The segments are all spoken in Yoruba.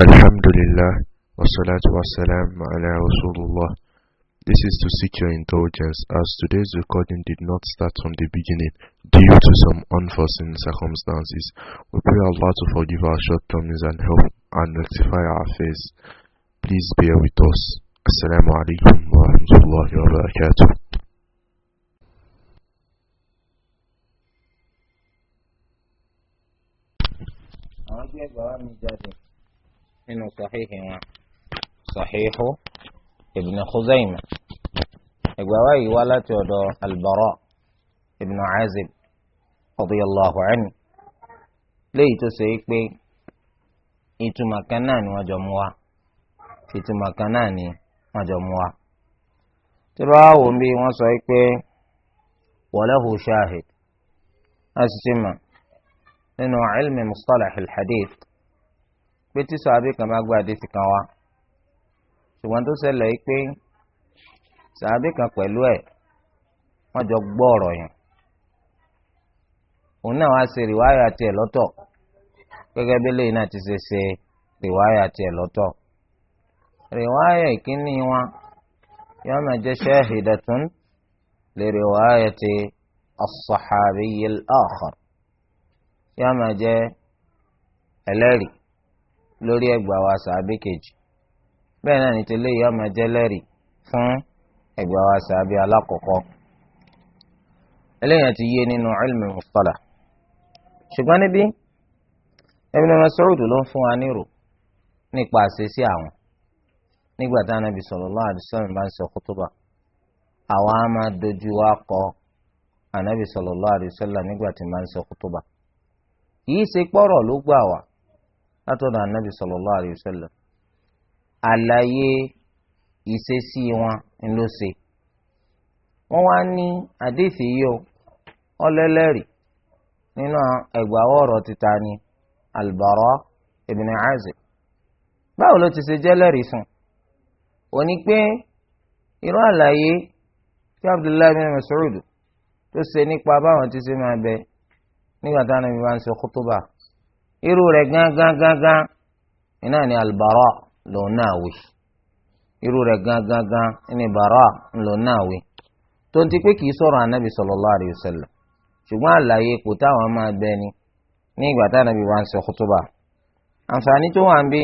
Alhamdulillah, wa salatu wa ala Rasulullah. This is to seek your indulgence as today's recording did not start from the beginning due to some unforeseen circumstances. We pray Allah to forgive our shortcomings and help and rectify our affairs. Please bear with us. Assalamu alaikum wa rahmatullahi wa barakatuh. من صحيح صحيح ابن خزيمة إجواي ولا تودو البراء ابن عازب رضي الله عنه ليه تسيك بي إتو مكانان وجموع إتو مكانان وجموع تراو بي وصيك بي وله شاهد أسمع إنه علم مصطلح الحديث pé tí sàábì kan bá gbé àdìsí kan wá ṣùgbọ́n tó ṣẹlẹ̀ yìí pé sàábì kan pẹ̀lú ẹ̀ wọ́n jọ gbọ́ ọ̀rọ̀ yẹn òun náà wá ṣe rìwáyà tiẹ̀ lọ́tọ̀ gẹ́gẹ́ bí lẹ́yìn náà ti ṣe ṣe rìwáyà tiẹ̀ lọ́tọ̀ rìwáyà ìkíní wọn yóò máa jẹ́ shahidatun li riwayati as-sahabiyyil akhar yóò máa jẹ́ ẹlẹ́rìí lórí ẹgbà wa sàábì kejì bẹ́ẹ̀ náà ní tẹ́lẹ̀ yìí ọmọ ẹjẹ́ lẹ́rìí fún ẹgbà wa sàábì alákọ̀ọ́kọ́ eléyàn ti yé nínú ilmi mustalah ṣùgbọ́n níbí Ibn Mas'ud ló ń fún wa nírò nípa àṣeṣe àwọn nígbà tá Ànábì sallallahu alaihi wasallam bá ń sọ kútúbà àwa á máa dojú wa kọ Ànábì sallallahu alaihi wasallam nígbà tí máa ń sọ kútúbà kì ṣe pọ́rọ̀ ló gbà wá látọ̀dọ̀ anabi sallallahu alayhi wa sallam àlàyé ìṣesí wọn ló ṣe wọ́n wá ní àdéhìí yìí o ọlẹ́lẹ́rìí nínú ẹgbàáwọ̀ ọ̀rọ̀ títa ni Al-Bara ibn Azib báwo ló ti ṣe jẹ́lẹ́rìí fún un ní pé irú àlàyé tí Abdullahi bin Mas'ud tó ṣe nípa báwọn ti ṣe máa bẹ nígbà táwọn ẹbí máa ń ṣe kútúbà irú rẹ̀ gángan gángan iná ni albara lòun náà wí irú ni bara lòun náà wí tó ń ti pé kìí anabi sallallahu alayhi wa sallam ṣùgbọ́n àlàyé kò táwọn máa bẹ ni ní ìgbà tá anabi wá ń ṣe kútúbà àǹfààní tó wà ń bí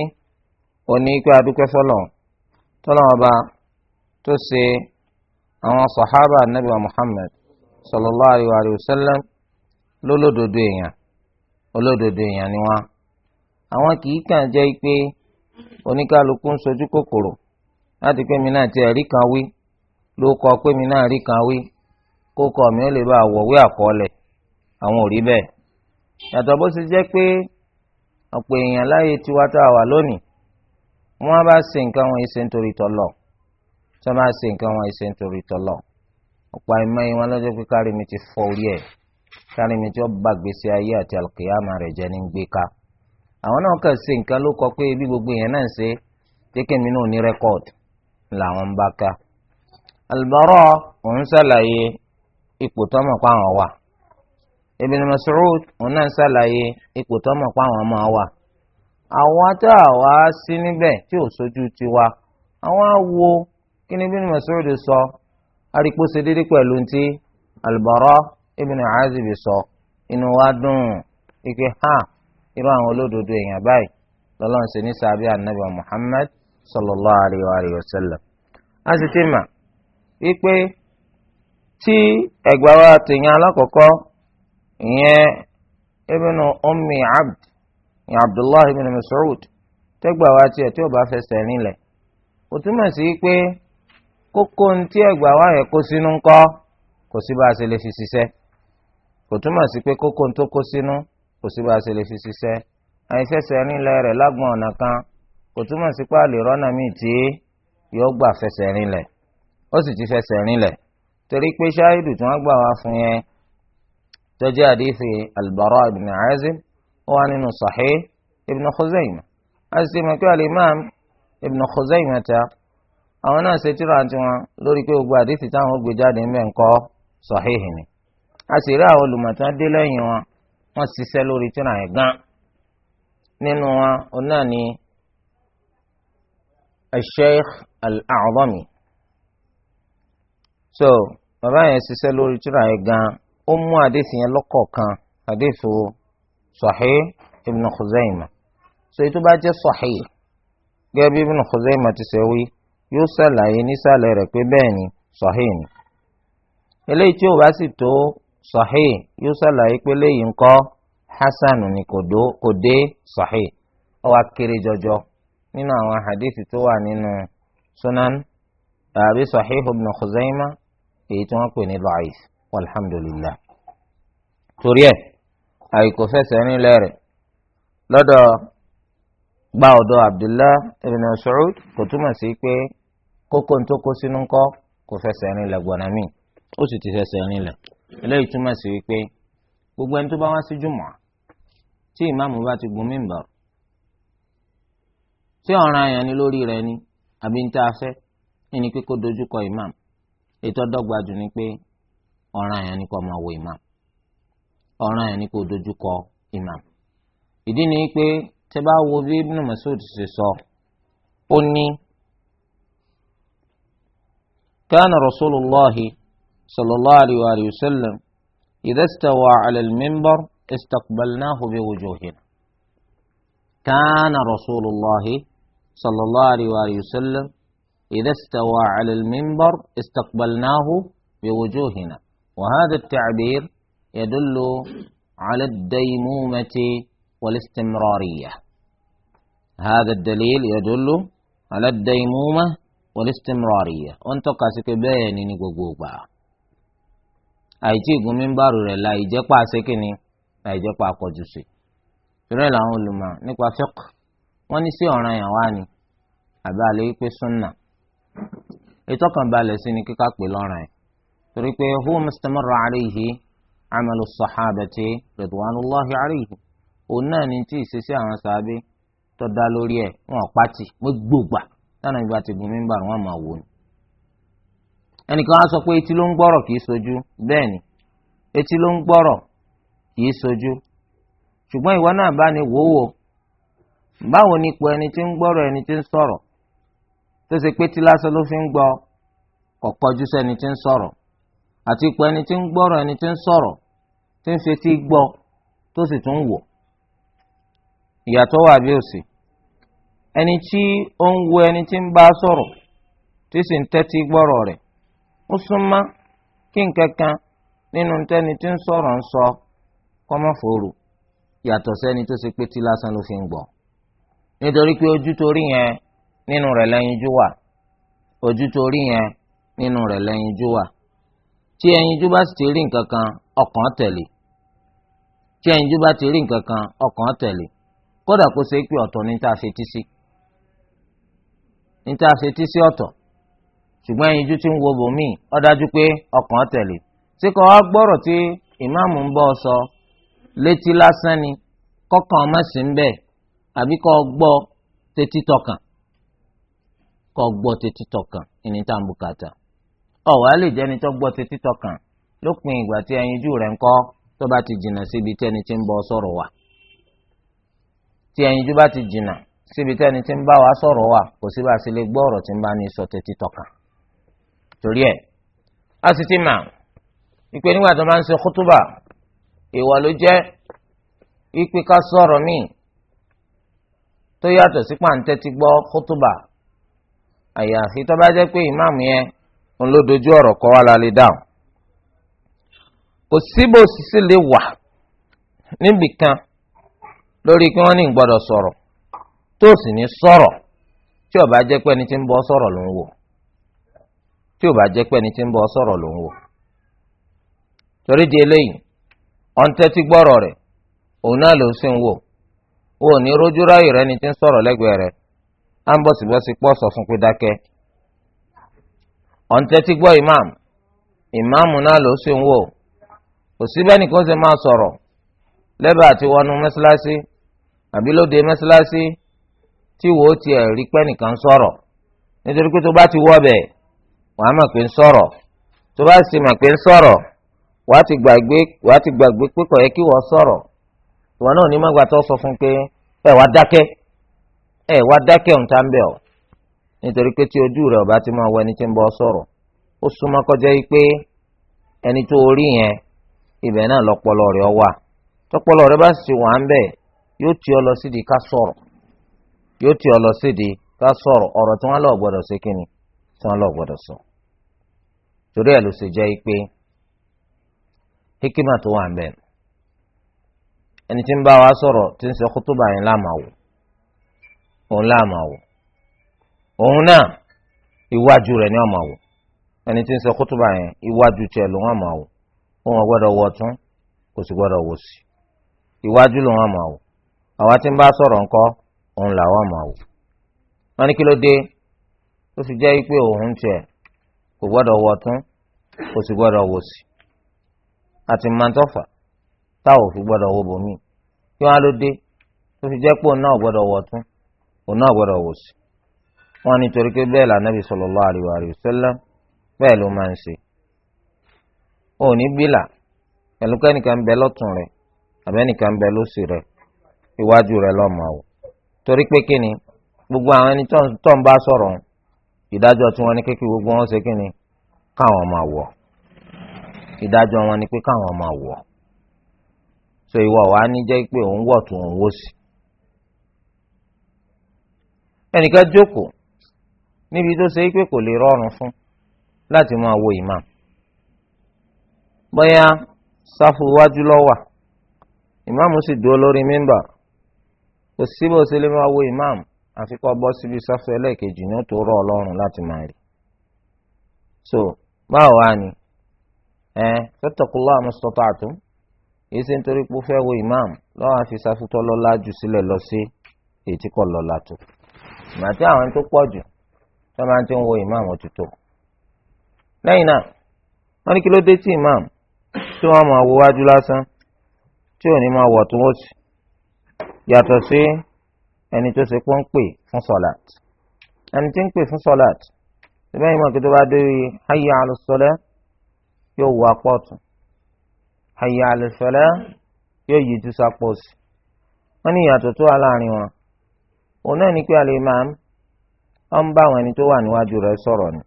òní pé adúpẹ́ fọlọ́ tó ṣe àwọn anabi wa muhammad sallallahu alayhi wa sallam lólódodo èèyàn olódodo èèyàn ni wọn àwọn kì í kàn jẹ́ pé oníkálukú ń sojú kòkòrò láti pé mi náà ti ẹ̀rí kan wí ló kọ pé mi náà rí kan wí kó kọ mi ó lè bá wọ̀wé àkọọ́lẹ̀ àwọn ò rí bẹ́ẹ̀ yàtọ̀ bó ṣe jẹ́ pé ọ̀pọ̀ èèyàn láyé tiwa tá a wà lónìí wọ́n bá ṣe nǹkan wọn ìṣe nítorí tọ́lọ̀ tí wọ́n bá ṣe nǹkan wọn ìṣe nítorí tọ́lọ̀ ọ̀pọ̀ àìmọye wọn lọ́jọ́ pé kárí mi ti fọ orí ẹ̀ sálẹ̀mí tí ó bá gbèsè ayé àti àlùkìyàmà rẹ̀ jẹ́ ní gbé ká àwọn náà kàn ṣe nǹkan ló kọ pé bí gbogbo èèyàn náà ń ṣe kékeré mi náà ní rẹ́kọ̀dì làwọn ń bá ká Al-Bara òun ṣàlàyé ipò tọ́mọ̀ pa àwọn wà Ibn Mas'ud òun náà ṣàlàyé ipò tọ́mọ̀ pa àwọn wà àwọn tá a sí níbẹ̀ tí ò sójú tiwa àwọn á kí ni Ibn Mas'ud sọ arípò ṣe déédéé pẹ̀lú ti al Ibn Azib sọ inú wa dùn ike ha irú àwọn olódodo èèyàn báyìí lọ́lọ́run sì ní sábẹ́ anabi Muhammad sallallahu alayhi wa sallam. a sì ti mà wípé tí ẹgbà wa tèèyàn alákọ̀ọ́kọ́ ìyẹn ibn ummi abd ìyẹn abdullahi ibn mas'ud tẹ́gbà wa tiẹ̀ tí ó bá fẹsẹ̀ rinlẹ̀ kò túmọ̀ sí pé kókó ntí wa yẹ kó sínú ńkọ́ kò túmọ̀ sí pé kókó tó kó sínú kò sí bá a ṣe lè fi ṣiṣẹ́ àìfẹsẹ̀ rinlẹ̀ rẹ̀ lágbọ̀n ọ̀nà kan kò túmọ̀ sí pé àlè rọ́nà míì tí yóò gbà fẹsẹ̀ rinlẹ̀ ó sì ti fẹsẹ̀ rinlẹ̀ torí pé ṣáàìdù tí wọ́n gbà wá fún yẹn tó jẹ́ àdìsí albara ibn ó wà nínú sahih ibn khuzaima a sì mọ̀ pé alimam ibn khuzaima ta àwọn náà ṣe tíra tiwọn lórí pé gbogbo àdìsí táwọn gbé jáde ń bẹ̀ ń kọ́ sahih ni a sì rí àwọn olùmọ̀tán dé lẹ́yìn wọn wọ́n ṣiṣẹ́ lórí tírà yẹn gan nínú wọn ọ̀nà ni al-Sheikh al-A'zami so bàbá yẹn ṣiṣẹ́ lórí tírà yẹn gan ó mú àdéhùn yẹn lọ́kọ̀ọ̀kan àdéhùn Sahih ibn Khuzaimah so ètò bá jẹ́ Sahih gẹ́gẹ́ bí ibn Khuzaimah ti ṣe wí yóò ṣàlàyé nísàlẹ̀ rẹ̀ pé bẹ́ẹ̀ ni Sahih ni eléyìí tí ò bá sì tó sahih yóò ṣàlàyé pé léyìí ńkọ́ hasan ni kò dé sahih ó wá kéré jọjọ nínú àwọn hadith tó wà nínú sunan àbí sahih ibn khuzaima èyí tí wọ́n pè ní lọ́ọ̀ìs alhamdulillah torí ẹ̀ àìkò fẹsẹ̀ nílẹ̀ rẹ̀ lọ́dọ̀ gba ọ̀dọ̀ abdullah ibn Mas'ud kò túmọ̀ sí pé kókó tó kó sínú ńkọ́ kò fẹsẹ̀ nílẹ̀ gbọ̀nà míì ó sì ti fẹsẹ̀ nílẹ̀ eléyìí túmọ̀ sí wípé gbogbo ẹni tó bá wá sí jùmọ̀ tí ìmáàmù bá ti gun mímbà tí ọ̀ràn àyàn ni lórí rẹ̀ ni àbí ń tá a fẹ́ ẹni pé kó dojúkọ ìmáàmù ètò ọ̀dọ́gba jù ni pé ọ̀ràn àyàn ni kó máa wo ìmáàmù ọ̀ràn àyàn ni kó dojúkọ ìmáàmù ìdí ni pé tẹ bá wo bí Ibn Mas'ud ṣe sọ ó ní kana Rasulullahi. صلى الله عليه وآله وسلم إذا استوى على المنبر استقبلناه بوجوهنا كان رسول الله صلى الله عليه وآله وسلم إذا استوى على المنبر استقبلناه بوجوهنا وهذا التعبير يدل على الديمومة والاستمرارية هذا الدليل يدل على الديمومة والاستمرارية وانتقاسك بيني نقوقوبا àìtí ìgúnmí ń bàrò rẹ̀ la ìjẹ́pà sékìní la ìjẹ́pà àpọ̀jù sí. ìrẹ́ làwọn olùmọ̀ nípa ni àbí alẹ́ wípé súnà. ètò kan balẹ̀ sí ni kíkà pé lọ́ràn yẹn torí pé huwa mustamarra amalu sahabati ridwanullahi alayhi òun náà ihe tí ìṣesí àwọn sàábé tó dá lórí ẹ̀ wọn wọn gbògbà ìgbà tí ìgúnmí ń ni. ẹnìkan á sọ pé etí ló ń gbọ́rọ̀ kì í sojú bẹ́ẹ̀ ni etí ló ń gbọ́rọ̀ kì sojú ṣùgbọ́n ìwọ náà bá ní wòówò báwo ni ipò ẹni tí ń gbọ́rọ̀ ẹni tí ń sọ̀rọ̀ tó ṣe pé tí lásán ló fi ń gbọ́ kò kọjú sẹ́ni tí ń sọ̀rọ̀ àti ipò ẹni tí ń gbọ́rọ̀ ẹni tí ń sọ̀rọ̀ tí ń fetí gbọ́ tó sì tún wò ìyàtọ̀ wà bí òsì ẹni tí wo ẹni tí ń bá sọ̀rọ̀ tí sì ń ó súnmọ́ kí nǹkan kan nínú tẹ́ni tí ń sọ̀rọ̀ ń sọ kọ́mọ́fòrò yàtọ̀ sẹ́ni tó ṣe pé tí lásán ló fi ń gbọ́ nítorí pé ojú torí yẹn nínú rẹ̀ lẹ́yinjú wà ojú torí yẹn nínú rẹ̀ lẹ́yinjú wà tí ẹyinjú bá sì ti rí nǹkan kan ọkàn tẹ̀lé tí ẹyinjú bá ti rí nǹkan kan ọkàn tẹ̀lé kódà kó ṣe pé ọ̀tọ̀ ní tá a fetí sí ní tá a fetí sí ọ̀tọ̀ ṣùgbọ́n ẹyinjú tí ń wo bòmíì ó dájú pé ọkàn tẹ̀lé tí kò wá gbọ́rọ̀ tí ìmáàmù ń bọ́ ọ sọ létí lásán ni kọ́kàn ọmọ sí ń bẹ̀ àbí kò gbọ́ tètí tọkàn kò gbọ́ tètí tọkàn ìní tá à ń bùkátà ọ̀wá lè jẹ́ni tó gbọ́ tètí tọkàn lópin ìgbà tí ẹyinjú rẹ̀ ń kọ́ tó bá ti jìnnà síbi tẹ́ni tí ń bọ́ sọ̀rọ̀ wà tí ẹyinjú bá ti jìnnà síbi tẹ́ni tí ń bá wa sọ̀rọ̀ wà kò sí bá a sì lè gbọ́ ọ̀rọ̀ tí ń bá ní sọ tètí tọkàn torí ẹ̀ a sì ti mà ìpè nígbà tó máa ń ṣe kútúbà ìwà ló jẹ́ ìpè ká sọ̀rọ̀ míì tó yàtọ̀ sí pàǹtẹ́ ti gbọ́ kútúbà àyàfi tó bá jẹ́ pé ìmáàmù yẹn ń ló dojú ọ̀rọ̀ kọ́ wa la lè dáhùn kò síbò sísè lè wà níbì kan lórí pé wọ́n ní gbọ́dọ̀ sọ̀rọ̀ tó sì ní sọ̀rọ̀ tí ó bá jẹ́ pé ẹni tí ń bọ́ sọ̀rọ̀ ló ń wò tí ò bá jẹ́ pé ẹni tí ń bọ́ sọ̀rọ̀ ló ń wò torí di eléyìí ọ̀n tẹ́tí gbọ́rọ̀ rẹ̀ òun náà ló sì ń wò wò ní rójú rẹ ni tí ń sọ̀rọ̀ lẹ́gbẹ̀ẹ́ rẹ̀ á ń bọ̀sibọ́sí pọ̀ sọ fún pé dákẹ́ ọ̀n tẹ́tí gbọ́ ìmáàmù ìmáàmù náà ló sì ń wò kò síbẹ̀ nìkan ṣe máa sọ̀rọ̀ lẹ́bàá àti wọnú mẹ́sálásí àbí lóde mẹ́sálásí tí wò ó tiẹ̀ rí pẹ́ nìkan sọ̀rọ̀ nítorí pé tó bá ti wọ́ bẹ́ẹ̀ wàá mọ̀ pé ń sọ̀rọ̀ tó bá sì mọ̀ pé ń sọ̀rọ̀ wàá ti gbàgbé wàá ti gbàgbé pé kò yẹ kí wọ́n sọ̀rọ̀ ìwọ náà ní mọ́gbà tó sọ fún pé ẹ wá dákẹ́ ẹ wá dákẹ́ ọ̀hún tá ń bẹ̀ ọ́ nítorí pé tí ojú rẹ̀ ọba ti máa wọ ẹni tí ń bọ́ sọ̀rọ̀ ó súnmọ́ kọjá yìí pé ẹni tó orí yẹn ibẹ̀ náà lọ́pọlọ rẹ̀ ọ wà tọpọlọ rẹ̀ bá sì wà ń bẹ̀ yóò tì ọ lọ sídìí ká sọ̀rọ̀ yóò tì ọ lọ sídìí ká sọ̀rọ̀ ọ̀rọ̀ tí wọ́n lọ gbọ́dọ̀ ṣe kíni tí wọ́n lọ gbọ́dọ̀ sọ torí ẹ̀ ló ṣe jẹ́ pé hikima tó wà ń bẹ ẹni tí ń bá wa sọ̀rọ̀ tí ń sọ kútúbà yẹn láàmàwò òun láàmàwò òun náà iwájú rẹ̀ ní ọ̀màwò ẹni tí ń sọ kútúbà yẹn iwájú tiẹ̀ ló wọ́n màwò òun ọgbọ́dọ̀ wọ̀ tún kò sì gbọ́dọ̀ wò sí iwájú ló wọ́n màwò àwa tí ń bá sọ̀rọ̀ ńkọ́ òun làwọn màwò wọ́n ní kí ló dé ó sì jẹ́ pé òun tiẹ̀ kò gbọ́dọ̀ wọ̀ tún kò sì gbọ́dọ̀ wò sí àti mantọ́fà táwọn òfin gbọ́dọ̀ wò bòmí kí wọ́n á ló dé tó fi jẹ́ pé òun náà gbọ́dọ̀ wọ̀ tún òun náà gbọ́dọ̀ wò sí wọ́n ní torí pé bẹ́ẹ̀ là nàbì sallallahu alaihi wasallam bẹ́ẹ̀ ló máa ń ṣe ò ní bílà pẹ̀lú kẹ́nìkan bẹ lọ́tún rẹ̀ àbẹ́nìkan bẹ lósì rẹ̀ iwájú rẹ̀ lọ́mọ àwò torí pé kíni gbogbo àwọn ẹni tó ń bá sọ̀rọ̀ ìdájọ́ tí wọ́n ní kékeré gbogbo wọn ṣe kíni káwọn máa wọ̀ ìdájọ́ wọn ni pé káwọn máa wọ̀ so ìwọ wa ní jẹ́ pé òun wọ̀ tó òun wò sí. ẹnìkan jókòó níbi tó ṣe pé kò lè rọrùn fún láti máa wo imam bóyá sáfù iwájú lọ́wà ìmáàmù sì dúró lórí mímbà kò síbò sí lè máa wo ìmáàmù àfi kọ́ bọ́ síbi sáfù ẹlẹ́ẹ̀kejì ní ó tó rọ̀ ọlọ́run láti máa rí so báwo wá ni ẹ fattaqullaha mastata'tum èyí ṣe ń torí pé ó fẹ́ wo imam lọ́wọ́ àfi sáfù tó lọ́lá jù sílẹ̀ lọ sí èyí tí kò lọ́lá tó ìgbà tí àwọn tó pọ̀ jù tó máa ti ń wo imam òtútù lẹ́yìn náà wọ́n ní kí ló dé tí imam tí wọ́n máa wo wájú lásán tí ò ní máa wọ̀ tó wọ́n sì yàtọ̀ sí ẹni tó ṣe pọ́n pè fún sọ̀làt ẹni tí ń pè fún sọ̀làt síbẹ̀ yìí mọ̀ kí tó bá dé hayya ala sọ̀lá yóò wọ apá ọ̀tún hayya ala sọ̀lá yóò yí ju sápò sí wọ́n ní ìyàtọ̀ tó wà láàrin wọn òun náà ní pé àlè máa ń ọ ń bá àwọn ẹni tó wà níwájú rẹ̀ sọ̀rọ̀ ni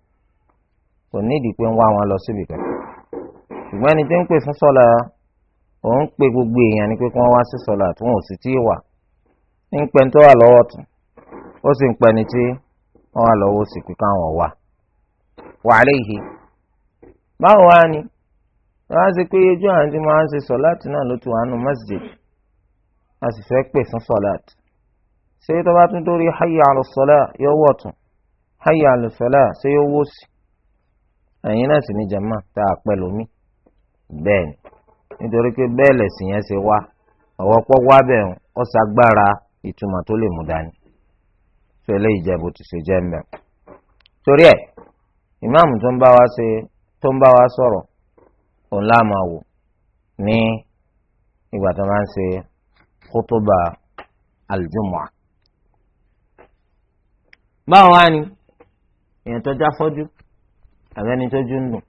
kò nídìí pé ń wá wọn lọ síbi kan ṣùgbọ́n ẹni tí ń pè fún sọ̀lá òun pè gbogbo èèyàn ni pé kí wọ́n wá sí sọ̀lá àtúnwò sí tí ì wà ń pẹ́ ní tó wà lọ́wọ́ tún ó sì ń pẹ́ ní tí wọ́n wà lọ́wọ́ sì káwọn wà. wa báwo ni wọ́n á ṣe pé ojú àwọn tí wọ́n á ṣe sọ̀láàtì náà ló ti wà nù masjid a sì fẹ́ pè fún ṣé tó bá tún dórí hayi yóò wọ̀ tún hayya ala ṣé yóò wọ̀ sí ẹ̀yin náà sì ní jàmá tá a pẹ́ ìtumọ̀ tó lè mú dání tó eléyìí jẹ́ ti ṣe jẹ́ mbẹ́. torí ẹ̀ ìmáàmù tó ń bá wa ṣe tó ń bá wa sọ̀rọ̀ òun láàmà wò ní ìgbà tó máa ń ṣe kótóbà aljumua. báwo wá ni èèyàn tó já fọ́jú àbẹ́ni tó jú ń dùn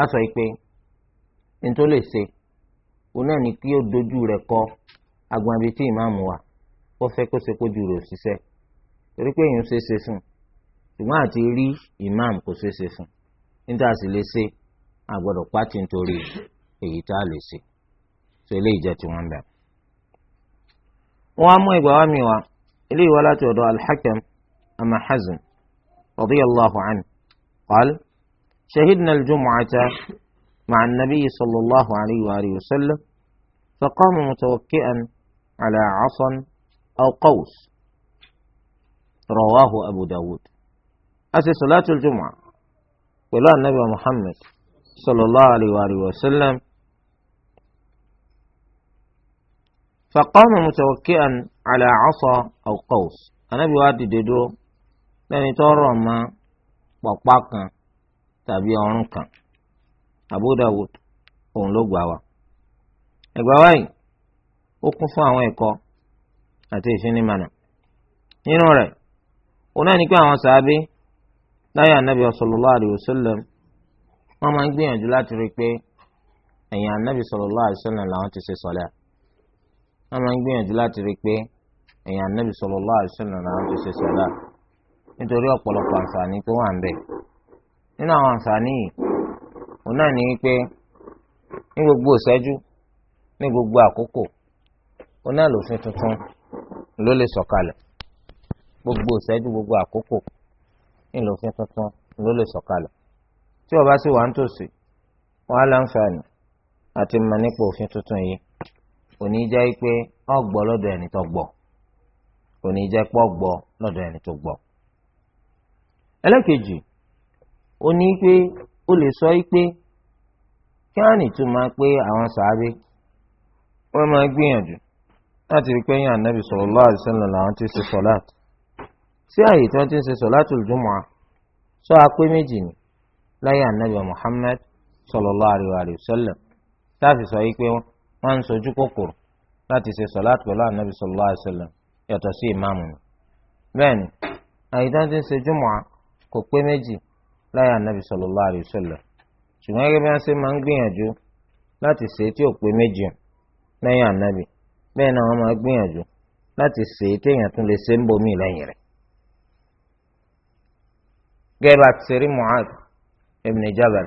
á sọ pé ní tó lè ṣe òun náà ni kí ó dojú rẹ̀ kọ́ agbọn ibi tí ìmáàmù wà kó fẹ́ kó ṣe kójú rẹ̀ òṣìṣẹ́ torí pé èèyàn ṣe é ṣe fún ṣùgbọ́n àti rí ìmáàmù kò ṣe é ṣe fún níta sì lè ṣe àgbọ̀dọ̀ pátì nítorí èyí tá a lè ṣe ṣe eléyìí jẹ́ tí wọ́n ń bẹ̀. wọ́n á mú ìgbà wá mi wá eléyìí wá láti ọ̀dọ̀ al-Hakam ama Hazm radiyallahu anhu qal shahidna al-jum'ata ma'a an sallallahu alayhi wa sallam faqama mutawakki'an. على عصا أو قوس رواه أبو داود أتي صلاة الجمعة ولا النبي محمد صلى الله عليه وآله وسلم فقام متوكئا على عصا أو قوس النبي وادي ددو لأن ترى ما وقاكا تابي أبو داود òun ló gbà wá ẹgbà wáyìí ó kún fún àwọn ẹ̀kọ́ àti ìfinimànà nínú rẹ̀ òun náà ní pé àwọn sàábé láyé ànábì sallallahu alaihi wasallam wọ́n máa ń gbìyànjú láti rí i pé ẹ̀yìn ànábì sallallahu alaihi wasallam làwọn ti ṣe sọ̀lá wọ́n máa ń gbìyànjú láti rí i pé ẹ̀yìn ànábì sallallahu alaihi wasallam làwọn ti ṣe sọ̀lá nítorí ọ̀pọ̀lọpọ̀ àǹfààní tó wà ń bẹ̀ nínú àwọn àǹfààní yìí òun náà ní pé ní gbogbo ìṣẹ́jú ní gbogbo àkókò oná lòfin tuntun ló lè sọ̀kalẹ̀ gbogbo ìṣẹ́jú gbogbo àkókò ńlòfin tuntun ló lè sọ̀kalẹ̀ tí ọba sì wà ń tòsí wọn á láǹfààní àti mọ̀ nípa òfin tuntun yìí òní jẹ́ pé ọgbọ́ lọ́dọ̀ ẹni tó gbọ́ òní jẹ́ pé ọgbọ́ lọ́dọ̀ ẹni tó gbọ́. ẹlẹ́kejì ó pé ó lè sọ pé kí á nìtú máa pé àwọn sàábé wọ́n máa gbìyànjú láti rí pé yín ànábì sallallahu alaihi wasallam làwọn ti ṣe sọ̀láàtì sí àyè tí wọ́n ti ń ṣe sọ̀láàtul jumu'ah sọ apé méjì ni láyé ànábì Muhammad sallallahu alaihi wasallam táàfì sọ wípé wọ́n ń sojú kòkòrò láti ṣe sọ̀láàtì pẹ̀lú ànábì sallallahu alaihi wasallam yàtọ̀ sí ìmáàmù ni bẹ́ẹ̀ ni àyè tí wọ́n ti ń ṣe jumu'ah kò pé méjì láyé ànábì sallallahu bẹ́ẹ̀ náà wọ́n máa gbìyànjú láti ṣe é téèyàn tún lè ṣe ń bomi lẹ́yìn rẹ̀. gẹ́gẹ́ bá ti rí ibn Jabal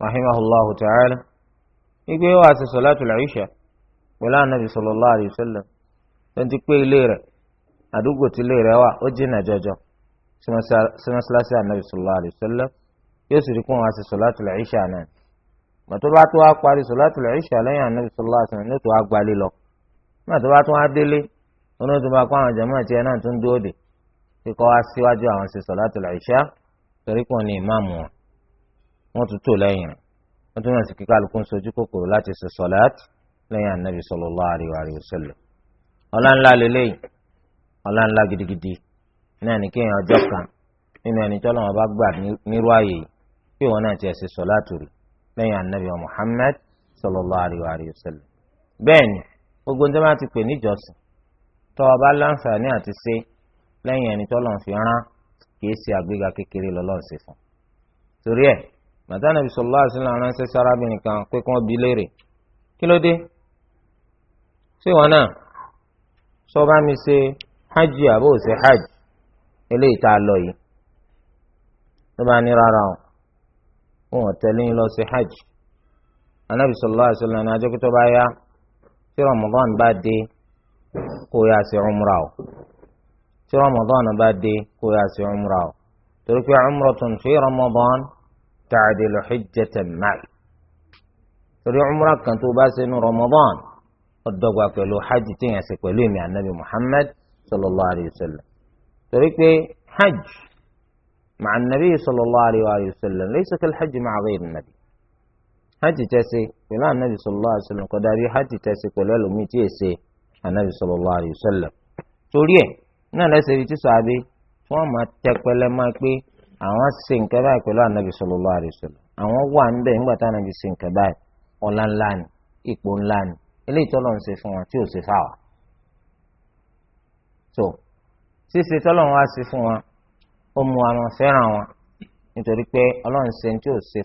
ta'ala anabi sallallahu alayhi wa sallam tó pé ilé rẹ̀ àdúgbò tí ilé rẹ̀ wà ó jìnnà jọjọ anabi sallallahu alayhi wa sallam yóò sì rí náà bá solatul lẹ́yìn anabi sallallahu alayhi wa sallam tó wá gbalé nígbà tó bá tún á délé oní tó bá kó àwọn jàmáà tiẹ̀ náà tún dúró dè kíkọ́ wá síwájú àwọn ṣe sọ̀látul ìṣá torí kò ní ìmáàmù wọn wọ́n tún tò lẹ́yìn rẹ̀ tún náà sì kíkọ́ àlùkò ń sojú kòkòrò láti ṣe sọ̀lát lẹ́yìn ànábì sallallahu alaihi wa sallam ọlá ńlá lélẹ́yìn ọlá ńlá gidigidi náà ní kéèyàn ọjọ́ kan nínú ẹni tí Ọlọ́run bá gbà nírú ààyè pé wọn náà ti ẹ̀sìn sọ̀látù rí lẹ́yìn ànábì Muhammad sallallahu alaihi wa sallam bẹ́ẹ̀ ni gbogbo nígbà tí pè níjọsìn tọ́ ọba láǹfààní àti ṣe lẹ́yìn ẹni tọ́lọ́run fi rán kìí ṣe àgbéga kékeré lọ́lọ́run ṣe fún. torí ẹ̀ màdánà bí sọlá àṣìlá ránṣẹ́ sárábìnrin kan pé kí wọ́n bi léèrè kí ló dé ṣé wọn náà sọ bá mi ṣe hajj àbò ṣe hajj eléyìí tá a lọ yìí ló bá ní rárá o wọn tẹ̀lé yín lọ ṣe hajj anábì sọlá àṣìlá ní ajẹ́kítọ́ bá yá. tí rọmọdán bá dé kó yá sí umra o tí rọmọdán bá dé kó yá sí umra o torí pé umratun fi rọmọdán ta'dilu jẹtẹ ma'i torí umra kan tó bá sínú rọmọdán ó dọ́gba pẹ̀lú hajj tí yẹn ṣe pẹ̀lú ìmì anabi muhammed sallallahu alayhi wa sallam torí pé hajj مع النبي صلى الله عليه وآله وسلم ليس كالحج مع غير nàbí. hajj tẹ́sí pẹ̀lú anabi sallallahu alaihi wasallam darí hajj tẹ́sí pẹ̀lú ẹlòmíì tí èsè anabi sallallahu alaihi torí ẹ náà lẹ́sẹ̀ ibi tí sàbí máa pé àwọn anabi àwọn wà ń nígbà tí anabi eléyìí tọ́lọ̀ ń ṣe wọn tí ò ṣe fáwà. ṣíṣe tọ́lọ̀ wá sí fún wọn ó mu àwọn fẹ́ràn wọn nítorí pé ọlọ́run ṣe tí ò ṣe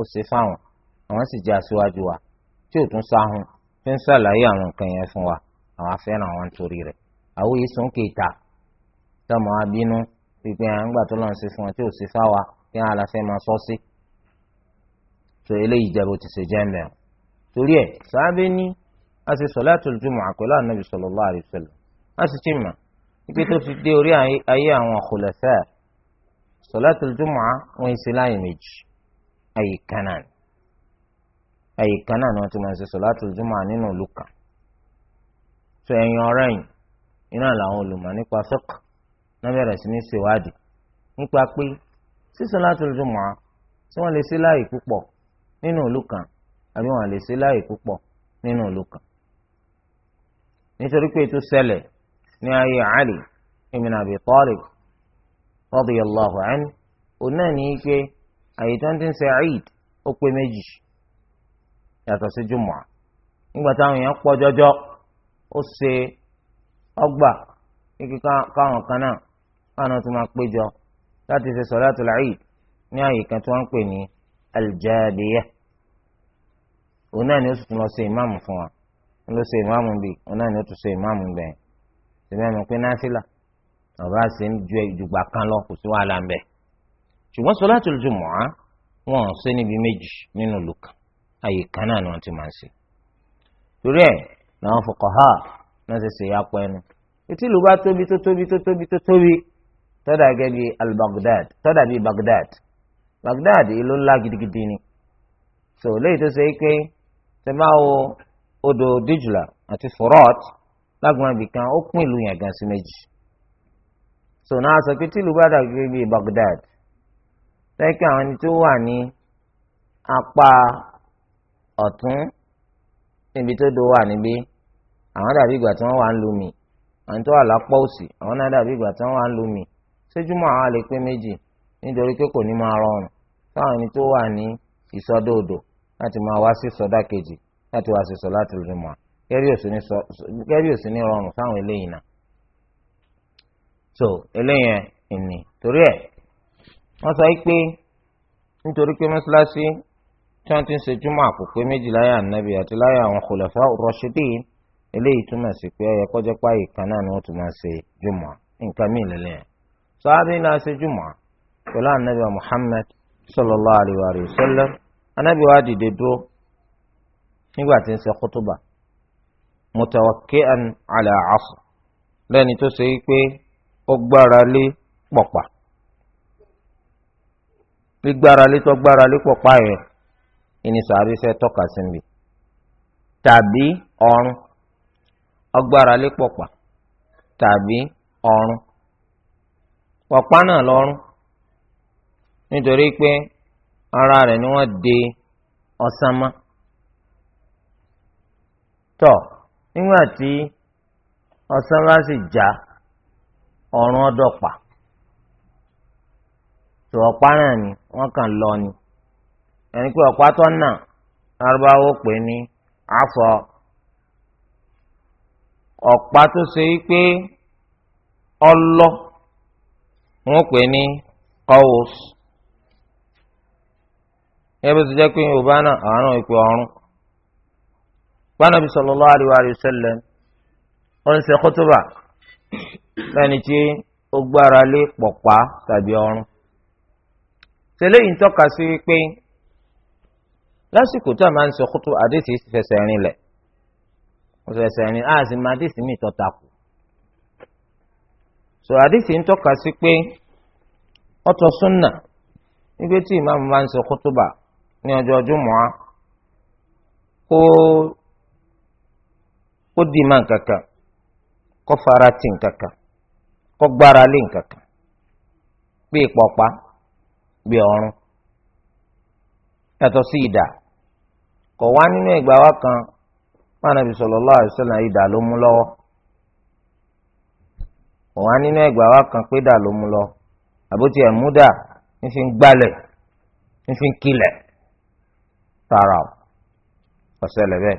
ó ṣe àwọn sì jẹ́ aṣíwájú wa tí ò tún sáhùn fi ń ṣàlàyé àwọn nǹkan yẹn fún wa àwọn afẹ́ràn àwọn nítorí rẹ̀ àwọn yìí sùn kéta tọmọ abínú pípẹ́ àǹgbà tó lọ́n ṣe fún ọ tí ò sí fáwa kí wọ́n aláfẹ́ máa sọ sí. tó eléyìí jẹ́ bó ti ṣe jẹ́ mẹ́ o torí ẹ̀ sáábẹ́ ní a ṣe solatul jumu'a pẹ̀lú ànábì sallallahu alaihi wasallam a sì ti mà ipe tó fi dé orí ayé àwọn khulafa solatul jumu'a wọn ìsìláyè méjì ayé ẹ̀yìn kan náà ni wọ́n ti máa ṣe sọ̀látùl jumu'ah nínú ìlú kan tó ẹ̀yìn ọ̀rẹ́ yìí iná làwọn olùmọ̀ nípa fiqh náà bẹ̀rẹ̀ sí ní ṣèwádìí nípa pé ṣí sọ̀látùl jumu'ah tí wọ́n lè ṣe láàyè nínú ìlú kan àbí wọ́n lè ṣe láàyè nínú kan nítorí pé ètò Ali òun náà ní í pé méjì yàtọ̀ sí jùmọ̀à nígbà táwọn èèyàn pọ̀ jọjọ ó ṣe ọgbà kíkí káwọn kan náà káwọn tó máa péjọ láti ṣe sọ̀láàtù Eid ní àyè kan tí wọ́n ń pè ní aljadiyah òun náà ni ó sì tún lọ ṣe ìmáàmù fún wa ó lọ ṣe ìmáàmù bíi òun náà ni ó tún ṣe ìmáàmù bẹ́ẹ̀ ṣèlú ẹ̀mọ́ pé náfìlà bàbá ṣe ń ju ìdùgbà kan lọ kò sí wàhálà ń bẹ̀ ṣùgbọ́n sọ̀láàtù Jumu'ah wọn ò ṣe níbi méjì nínú ìlú àyè kan náà ni wọ́n ti máa ń ṣe. torí ẹ̀ làwọn fuqaha náà ṣe ṣe ya pẹ́ẹ́nu etí ìlú bá tóbi tó tóbi tó tóbi tó tóbi tọ́dà gẹ́gẹ́ bí al-Baghdad tọ́dà bí Baghdad Baghdad ìlú ńlá gidigidi ni so léyìí tó ṣe é pé tẹ bá wo odò Dijla àti Furat lágbọn ibìkan ó pín ìlú yẹn gan sí méjì so náà sọ pé tí ìlú bá dà gẹ́gẹ́ bí Baghdad tẹ́kẹ́ àwọn ẹni tó wà ní apá ọ̀tún níbi tó do wà níbí àwọn dàbí ìgbà tí wọ́n wà ń lu mi àwọn tó wà lápá òsì àwọn náà dàbí ìgbà tí wọ́n wà ń lu mi sójúmọ́ àwọn àlè pé méjì nítorí pé kò ní máa rọrùn táwọn ẹni tó wà ní ìsọdóòdò láti máa wá sí sọdákejì láti wá sí sọ láti rí mọ́ kẹ́rì òsì ní rọrùn fáwọn eléyìí náà so eléyìí ẹni torí ẹ wọ́n sọ pé nítorí pé mọ́ṣáláṣí tí wọ́n ti ń ṣe júmọ́ àkókò méjì láyà ànábì àti láyà àwọn khulafa ar-rashidin eléyìí túmọ̀ sí pé ọyẹ kọjá páyì kan náà ni wọ́n ti máa ṣe júmọ́ nǹkan mí lélẹ̀ sọ́hábí náà ṣe pẹ̀lú ànábì Muhammad sallallahu alayhi wa sallam ànábì wa dìde dúró nígbà tí ń ṣe kútùbà mutawakki'an ala 'asr lẹ́ni tó ṣe pé ó gbára lé pọ̀pà gbígbára lé tó gbára lé pọ̀pà yẹn ìní sàábí fẹ́ tọka sí mi tàbí ọrùn ọgbára lé pọ̀pà tàbí ọrùn pọ̀pá náà lọ́rùn nítorí pé ara rẹ̀ ni wọn de ọ̀sán mọ́ tọ̀ nígbà tí ọ̀sán bá sì já ọ̀rùn ọ̀dọ̀pà tọ̀ ọ̀pá náà ni wọ́n kàn lọ ni. ẹni pé ọ̀pá tó ń nà lárúbáwó pè ní afọ ọ̀pá tó ṣe pé ọlọ wọn pè ní kọ́wọ́s yẹ bó ti jẹ́ pé yorùbá náà àwọn náà pè ọrùn gbanabi sallallahu alaihi wa sallam ó ń ṣe kótóbà lẹ́ni tí ó gbára lé pọ̀pá tàbí ọrùn tẹ́lẹ̀ yìí ń tọ́ka sí wípé lásìkò tí a máa ń sọ kótó àdéhìí fẹsẹ̀ rìn lẹ̀ fẹsẹ̀ rìn a sì máa àdéhìí mi tọ́ta kù. sọ àdéhìí ń tọ́ka sí pé ọ̀tọ̀ súnà nígbà tí ìmáàmù máa ń sọ kótóbà ní ọjọ́ Jumu'a kó kó dì máa kankan kó fara tì kankan kó gbára lé kankan bí ìpọ̀pá bí ọ̀run yàtọ̀ sí ìdá. kọ̀ wá nínú ìgbà wa kan pàànàbí sallallahu alaihi wasallam ìdà ló mú lọ́wọ́ kọ̀ wá nínú ìgbà wa kan pé dà ló mú lọ àbótí ẹ̀ mú dà gbalẹ̀ ń kilẹ̀ tààrà ọ̀sẹ̀lẹ̀ bẹ́ẹ̀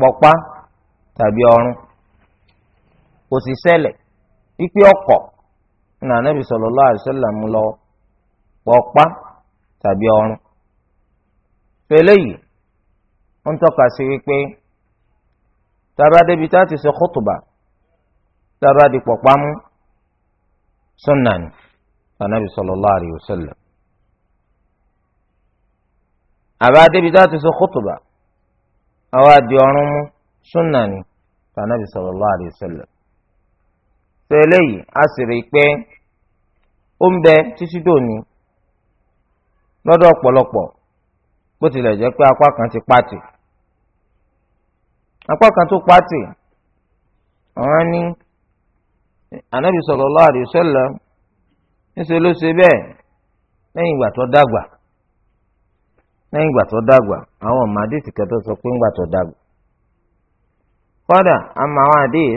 pọ̀pá tàbí ọrùn kò sì ṣẹlẹ̀ ipe ọkọ̀ ní anabi sallallahu alaihi wasallam mú lọ́wọ́ pọ̀pá tàbí ọrùn fẹlẹ́ yìí ó ń tọ́ka sí wípé tàbá débi tá a ti ṣe kótóbà tàbá di pọ̀pámú sunan anabi sallallahu alayhi wa sallam àbá débi tá a ti ṣe kótóbà àwa di ọrùn mú sunan anabi sallallahu alayhi wa sallam ṣe a sì rí i pé ó ń bẹ títí dòní lọ́dọ̀ ọ̀pọ̀lọpọ̀ bó tilẹ̀ jẹ́ pé apá kan ti pàtì apá kan tó pàtì àwọn ní anabi sallallahu alaihi wasallam níṣẹ ló ṣe bẹ́ẹ̀ lẹ́yìn ìgbà tó dàgbà lẹ́yìn ìgbà tó dàgbà àwọn ọmọ àdéhìí kẹtọ sọ pé ńgbà tó dàgbà kódà àmọ́ àwọn àdéhìí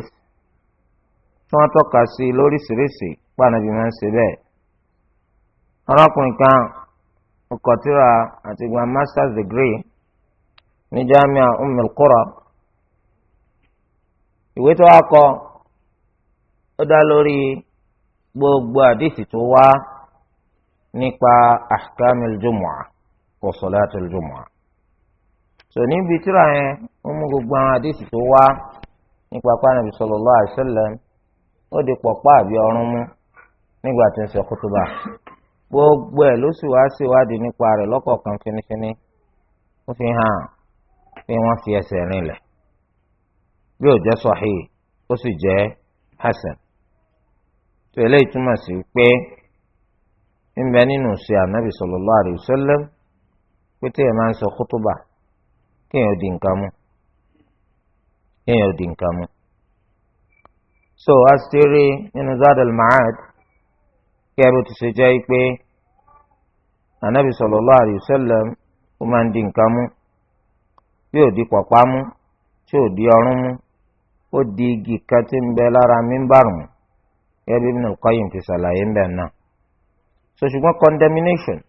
tí wọ́n tọ́ka sí lóríṣiríṣi pa máa ń ṣe bẹ́ẹ̀ arákùnrin kan ọkọ tíra àti gba masters degree ní jamiu Ummul Qura. ìwé tó wá kọ ó dá lórí gbogbo àdìsí tó wá nípa ahkamil jumu'ah wa salatul tò níbi tíra yẹn ó mú gbogbo àwọn àdìsí tó wá nípa pàànàbì sallallahu alaihi wasallam ó di pọ̀pá àbí ọrùn mú nígbà ń sọ gbogbo ẹ̀ ló sì wá síwádìí nípa rẹ̀ lọ́kọ̀ọ̀kan fínífíní ó fi hàn pé bí ó jẹ́ sahih ó sì jẹ́ hasan tó eléyìí túmọ̀ sí pé ń bẹ nínú ṣe ànábì sallallahu alaihi wasallam pé téèyàn máa ń sọ kútúbà kéèyàn ò di nǹkan mú kéèyàn ò di nǹkan mú. so a ti rí nínú zadal ma'ad kí ẹrú ti ṣe jẹ́ pé ànábì sallallahu alaihi ó máa ń di nǹkan mú bí ò di pọ̀pá mú tí ò di ọrún mú ó di igi kan tí ń bẹ lára mímbàrún gẹ́gẹ́ bí Ibn al-Qayyim ti ṣàlàyé ń bẹ̀ náà. so ṣùgbọ́n condemnation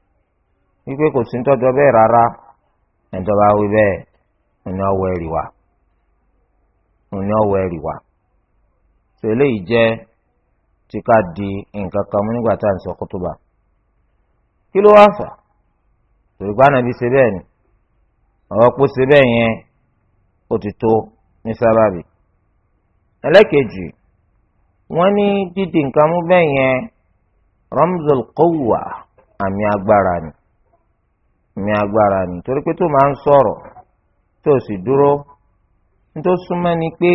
wípé kò sí tọ́jọ́ bẹ́ẹ̀ rárá ẹ̀ńtọ́ba wí bẹ́ẹ̀ òní ọwọ́ ẹ̀rì wá òní ọwọ́ ẹ̀rì wá. so eléyìí jẹ́ tí ká di nǹkan kan mú nígbà tá à ń sọ kútùbà kí ló wá fà tòlùgbà nàbí ṣe bẹ́ẹ̀ ni ọ̀rọ̀ pọ̀ ṣe bẹ́ẹ̀ yẹn ó ti tó ní sábàbí. elekeji wọ́n ní dídì nǹkan mú bẹ́ẹ̀ yẹn ramzul qawwa àmì agbára ni àmì agbára ni torí pé tó máa ń sọ̀rọ̀ tó sì dúró tó súnmọ́ ni pé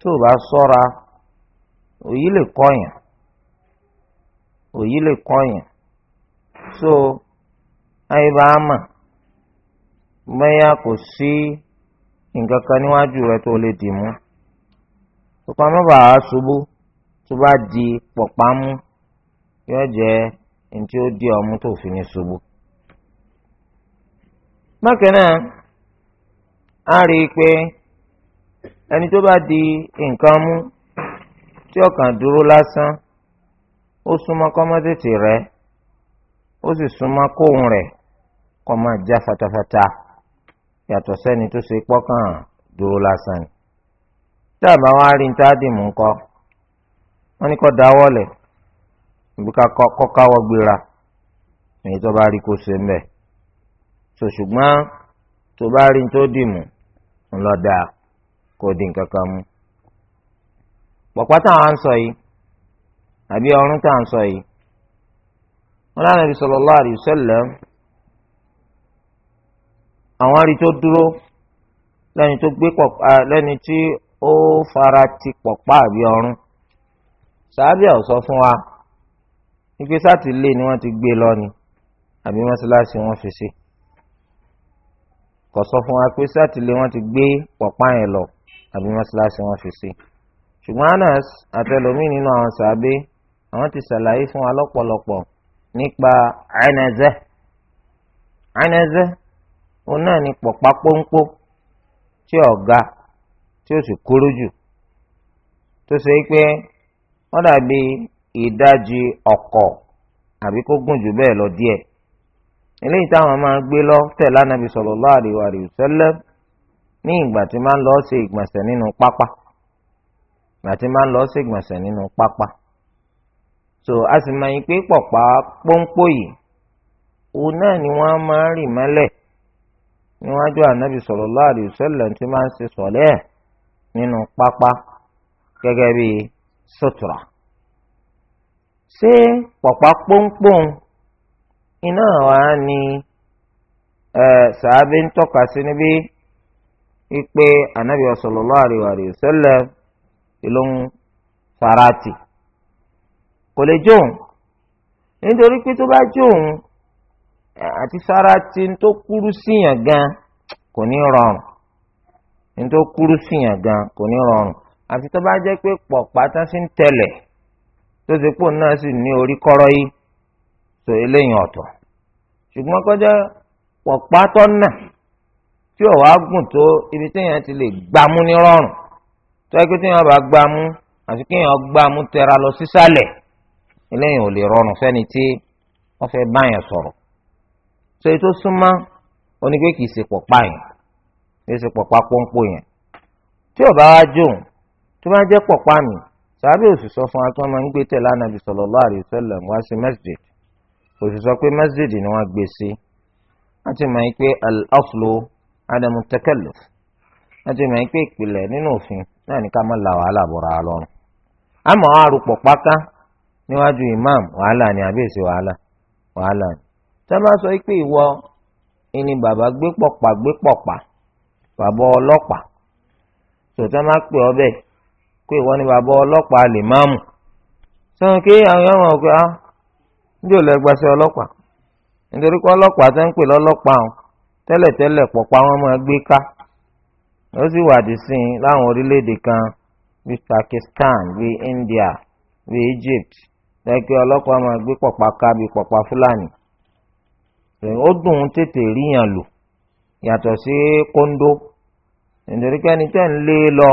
tó so àyíbá àmà bẹ́ẹ̀ yà kò sí nǹkan kan níwájú rẹ tó lè dì mú. pípa mọ́bà á ṣubú tó di pọ̀pámú yóò jẹ́ ntí ó di ọmú tó fi ní ṣubú. bákan náà a rí i pé ẹni tó bá di nǹkan mú tí ọkàn dúró lásán ó súnmọ́ kọ́mọ́tètè rẹ̀ ó sì súnmọ́ kóhùn rẹ̀ kọ́ máa já fatafata yàtọ̀ sẹ́ni tó ṣe pọ́kàn dúró lásán ni tí àbá wa rí níta dìmú ńkọ wọn ní kó dáwọlẹ ìbí kọ káwọ gbéra èyí tó bá rí kó ṣe mbẹ so ṣùgbọ́n tó bá rí tó dìmú ńlọdà kó di nǹkan kan mú pọ̀pọ̀ tá à ń sọ yìí àbí ọrùn tá à ń sọ yìí wọn lánàá Ànábì sallallahu alaihi wasallam àwọn arí tó dúró lẹ́ni tó gbé pọ̀ lẹ́ni tí ó fara ti pọ̀pá àbí ọrùn sàábíà ò fún wa ipe sáti lé ni wọ́n ti gbé lọ ni àbí mọ́ṣáláṣí wọ́n fi sí kò sọ fún wa pé sáti lé wọ́n ti gbé pọ̀pá yẹn lọ àbí mọ́ṣáláṣí wọ́n fi sí ṣùgbọ́n Anas àtẹlómìn nínú àwọn sàábé àwọn ti ṣàlàyé fún wa lọ́pọ̀lọpọ̀ nípa àìnàzẹ́ àìnàzẹ́ òun náà ni pọ̀pá pónpó tí ọ̀gá tí ó sì kúrú jù tó ṣe pé wọ́n dàbí ìdajì ọ̀kọ̀ àbí kó gùn jù bẹ́ẹ̀ lọ díẹ̀ eléyìí táwọn máa gbé lọ tẹ̀lé ànábì sallallahu alaihi wasallam ní ìgbà tí máa ń lọ ṣe ìgbọ̀nsẹ̀ nínú pápá ìgbà tí máa ń lọ ṣe ìgbọ̀nsẹ̀ nínú pápá so a sì máa yín pé pọ̀pá pọ́npó yìí òun náà ni wọ́n máa ń rì mọ́lẹ̀ níwájú tí máa ń ṣe nínú pápá gẹ́gẹ́ bí sutura ṣé pọ̀pá pọ́npọ́n iná wa ni sàábé ń tọ́ka sí níbí wípé anabi sallallahu alaihi wa sallam ìlú ń farati kò lè jóun nítorí pé tó bá jóun àti farati tó kúrú síyàn gan kò ní rọrùn nítorí kúrú síyàn gan kò ní rọrùn àfi tó bá jẹ́ pé pọ̀ pátá sí ń tẹ̀lẹ̀ tó ti pò náà sì ní orí kọ́rọ́ yìí tó eléyìí ọ̀tọ̀ ṣùgbọ́n kọjá pọ̀ pátọ́ náà tí ò wá gùn tó ibi téèyàn ti lè gbámú ní rọrùn tó yẹ kí téèyàn bá gbámú àti kéèyàn gbámú tẹra lọ sísàlẹ̀ eléyìí ò lè rọrùn fẹ́ni tí wọ́n fẹ́ báyàn sọ̀rọ̀ so ètò súnmọ́ onígbé kìí ṣe pọ̀ páyàn èsì pọ̀pá pọ́ńpọ́ yẹn tí ọba wa jóun tó bá jẹ́ pọ̀pá mi sàbí òṣìṣọ́ fún wa tí wọ́n máa ń gbé tẹ̀lé anabi sallallahu alaihi wasallam wá sí masjid òṣìṣọ́ pé masjid ni wọ́n gbé sí wọ́n ti mọ̀ pé al-aslu adamu takalluf wọ́n ti mọ̀ pé ìpìlẹ̀ nínú òfin náà ní ká má la wàhálà bọ̀rọ̀ àlọ́run àmọ́ àrùpọ̀ páká níwájú imam wàhálà ni àbí èsì wàhálà wàhálà ni tí wọ́n bá sọ pé ìwọ ìní bàbá gbé pọ̀pá gbé pọ̀pá bàbá ọlọ́pàá sọ̀tẹ́ máa pè ọ bẹ́ẹ̀ pé ìwọ ni bàbá ọlọ́pàá lè máa mú sọ̀rọ̀ kí àwọn ọmọ ọ̀gá ah, ò ọlọ́pàá nítorí pé ọlọ́pàá tó ń pè lọ́lọ́pàá tẹ́lẹ̀tẹ́lẹ̀ máa gbé ká ó sì kan bíi Pakistan bíi India bíi Egypt lẹ́gbẹ́ ọlọ́pàá máa gbé ká bíi Fúlàní ó dùn yàtọ̀ sí kóńdó nítorí pé ẹni tẹ́ ń lé lọ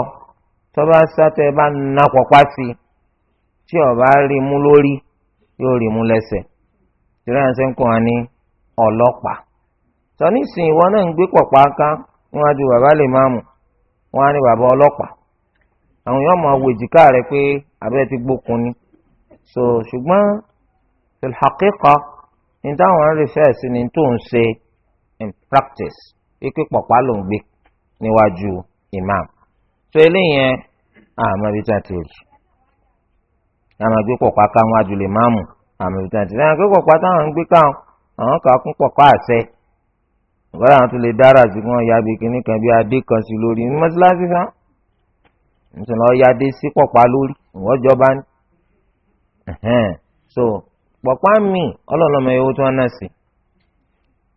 tọ́ba sátẹ bá na pọ̀pá sí tí ọba rí mú lórí yóò rí mú lẹ́sẹ̀ torí à ń sẹ́ ń kọ́ ni ọlọ́pàá tọ́nísìn ìwọ náà ń gbé pọ̀pá ká wọn á ju bàbá lè máa mú wọn á ní bàbá ọlọ́pàá àwọn èèyàn máa wo èjìká rẹ pé abẹ́ ti gbókun ni so ṣùgbọ́n fil haqiqa ní táwọn ń rìfẹ́ sí ni tó ń ṣe in practice wípé pọ̀pá ló ń gbé níwájú imam tó eléyẹn àmọ́ ibi tá a ti rí àmọ́ gbé pọ̀pá ká wájú lè máàmù àmọ́ ibi tá a ti rí àmọ́ gbé pọ̀pá táwọn ń gbé káwọn àwọn kà á kún pọ̀pá àṣẹ ìgbàlá àwọn tó lè dára sí wọn ya bí kinní kan bí adé kan sí lórí ní mọ́sálásí sá nítorí wọn ya adé sí pọ̀pá lórí ìwọ́jọba ni so pọ̀pá mi ọlọ́ọ̀lọ́mọ ewu tí wọ́n náà sí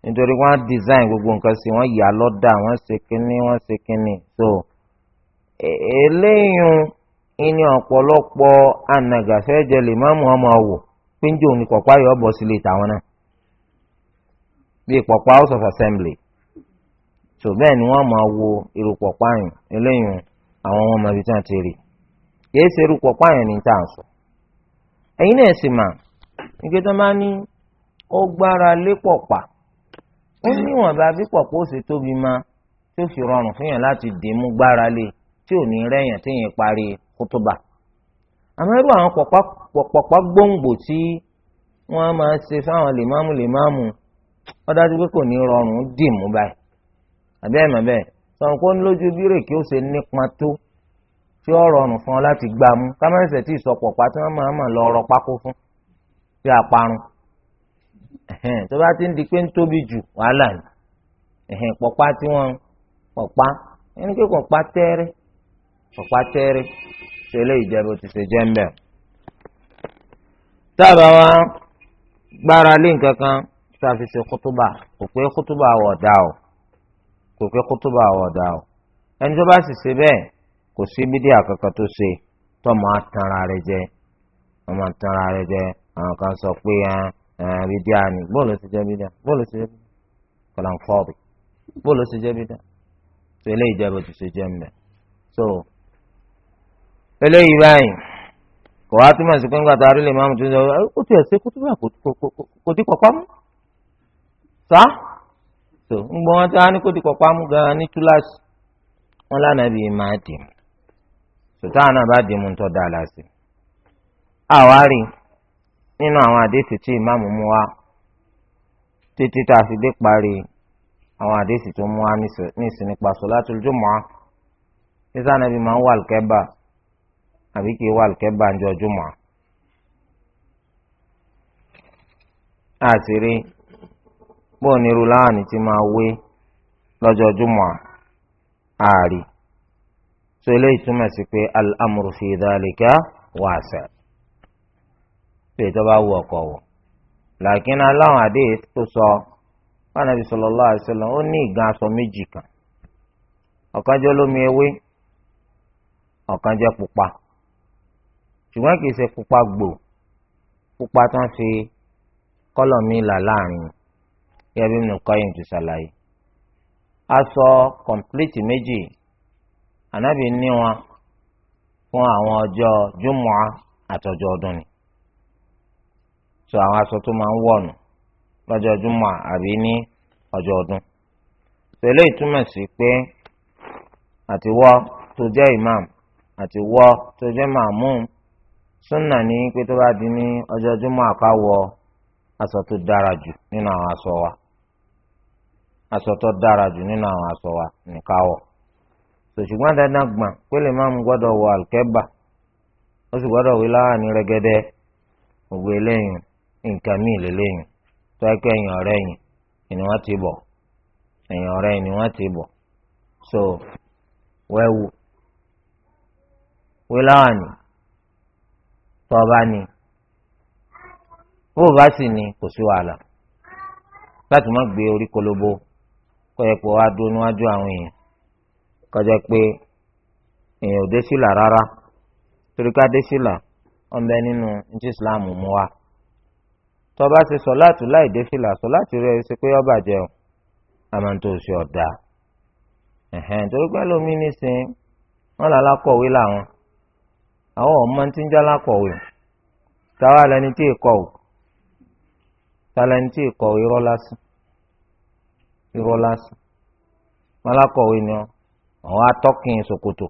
nítorí wọ́n design gbogbo nǹkan sí wọ́n yà lọ́dà wọ́n ṣe kínní wọ́n ṣe so e, eléyìí ìní ọ̀pọ̀lọpọ̀ anagasa lè má mú ọmọ wò péńjọ ní pọ̀pá yọ bọ̀ sílé tàwọn náà bíi pọ̀pá house of assembly so bẹ́ẹ̀ ni wọ́n máa wo irú pọ̀pá yìí eléyìí àwọn ọmọ ibi tí wọ́n ti rí kìí ṣe irú pọ̀pá yìí ní tá à ń sọ ó níwọ̀n bá fípọ̀ pé ó ṣe tóbi ma tí ó fi rọrùn fún yàn láti dè mú gbára lé tí ò ní rẹ̀yàn tí yẹn parí kútúbà àmọ́ irú àwọn pọ̀pọ̀pọ̀ gbòǹgbò tí wọ́n máa ṣe fáwọn lèmáàmù lèmáàmù ó dájú pé kò ní rọrùn dì mú báyìí àbẹ́ẹ̀ mọ̀ bẹ́ẹ̀ sọ̀rọ̀ kó ń lójú bírèkì ó ṣe nípa tó tí ó rọrùn fún ọ láti gbà kámẹ́sẹ̀ tí ìsọpọ̀ tí wọ́n máa mọ̀ lọ tó bá ti ń di pé ń tóbi jù wàhálà ni pọ̀pá tí wọ́n pọ̀pá ẹni pé pọ̀pá tẹ́rẹ́ pọ̀pá tẹ́rẹ́ ṣẹlẹ̀ ìjẹ́bù ti ṣe jẹ́ ń bẹ̀. tábà wa gbára lé nǹkan kan tá a fi ṣe kútúbà kò pé kútúbà wọ̀ dá o kò pé kútúbà wọ̀ dá o ẹni tó bá sì ṣe bẹ́ẹ̀ kò sí bídíà kankan tó ṣe tọmọ atanra rẹ jẹ ọmọ atanra rẹ jẹ àwọn kan sọ pé Eh, bídíà ni bóòlù ti jẹ́ bídíà bóòlù ti jẹ́ bídíà kọ̀làǹfọ́ọ̀bì bóòlù ti jẹ́ bídíà tó eléyìí jẹ́ bó ti ṣe jẹ́ mbẹ́ so eléyìí báyìí kò wá túmọ̀ sí pé ńgbà tá a rí lè máa mú tuntun ó ti ẹ̀sẹ̀ kó túbọ̀ kò dí kọ̀ọ̀pá mú sá so ń gbọ́n wọn tí wọ́n á ní kó dí kọ̀ọ̀pá mú gan-an ní túláàsì wọn lánàá bíi máa dì mú sòtáwọn náà bá dì mú ń tọ́ da àlàsì àwárí nínú àwọn àdéhùn tí ìmáàmù mú wá títí tá a fi dé parí àwọn àdéhùn tó mú wá nísìnyí nípa solatul jumu'ah sísá nàbí máa ń wà lùkẹ́bà àbí kì í wà lùkẹ́bà ní ọjọ́ jumu'ah. àtìrí bóun ní irú láàánú ti máa wé lọ́jọ́ jumu'ah ààrí tó eléyìí túmọ̀ sí pé al-amru fi dhalika wasi'a pé ìjọba wọ ọkọ̀ wọ̀ làákín aláwọn àdé tó sọ Ànábì sallallahu alaihi wasallam ó ní ìgbà aṣọ méjì kan ọ̀kan jẹ́ olómi ewé ọ̀kan jẹ́ pupa ṣùgbọ́n kì í ṣe pupa gbò pupa tó ń fi kọ́lọ̀ mi là láàrin gẹ́gẹ́ bí nǹkan yìí ti ṣàlàyé aṣọ kọ̀ǹpìlìtì méjì ànábì ní wọn fún àwọn ọjọ́ júmọ́à àtọjọ́ ọdún ni. so àwọn aṣọ tó máa ń wọ̀nù lọ́jọ́ júmọ̀ àbí ní ọjọ́ ọdún. pẹ̀lú ìtumọ̀ sí pé àti tó jẹ́ imam àti tó jẹ́ màmúù súnà ní pé tó bá di ní ọjọ́ aṣọ tó dára jù nínú àwọn aṣọ wa aṣọ tó dára jù nínú àwọn aṣọ wa sòṣùgbọ́n dandan gbọ̀n pé lè máa mú gbọ́dọ̀ wọ àlùkẹ́bà nǹkan míì lélẹ́yìn tó ẹ̀kọ́ ẹ̀yìn ọ̀rẹ́ yìí ni wọ́n ti bọ̀ ẹ̀yìn ọ̀rẹ́ yìí ni wọ́n ti bọ̀ so wẹ́wù wíláwà ni tọ́ba ni bó bá sì ni kò sí wàhálà láti má gbé orí kolobo kọ́ ẹ pé wàá dúró níwájú àwọn èèyàn kọjá pé èèyàn ò dé sílà rárá torí ká dé sílà ọ̀nbẹ nínú ní ti Islam mú wa tó bá ṣe sọ̀láàtù láì dé fìlà sọ̀láàtù rẹ̀ ṣe pé ọba jẹun àmọ́ tó ṣe ọ̀dà torí pé lómi nísìn wọn là lákọ̀wé làwọn àwọn ọmọ tí ń já lákọ̀wé táwa lẹni tí èkó o táwa lẹni tí èkó o irọ́ lásán irọ́ lásán wọn lákọ̀wé ni àwọn atọ́kìn ṣòkòtò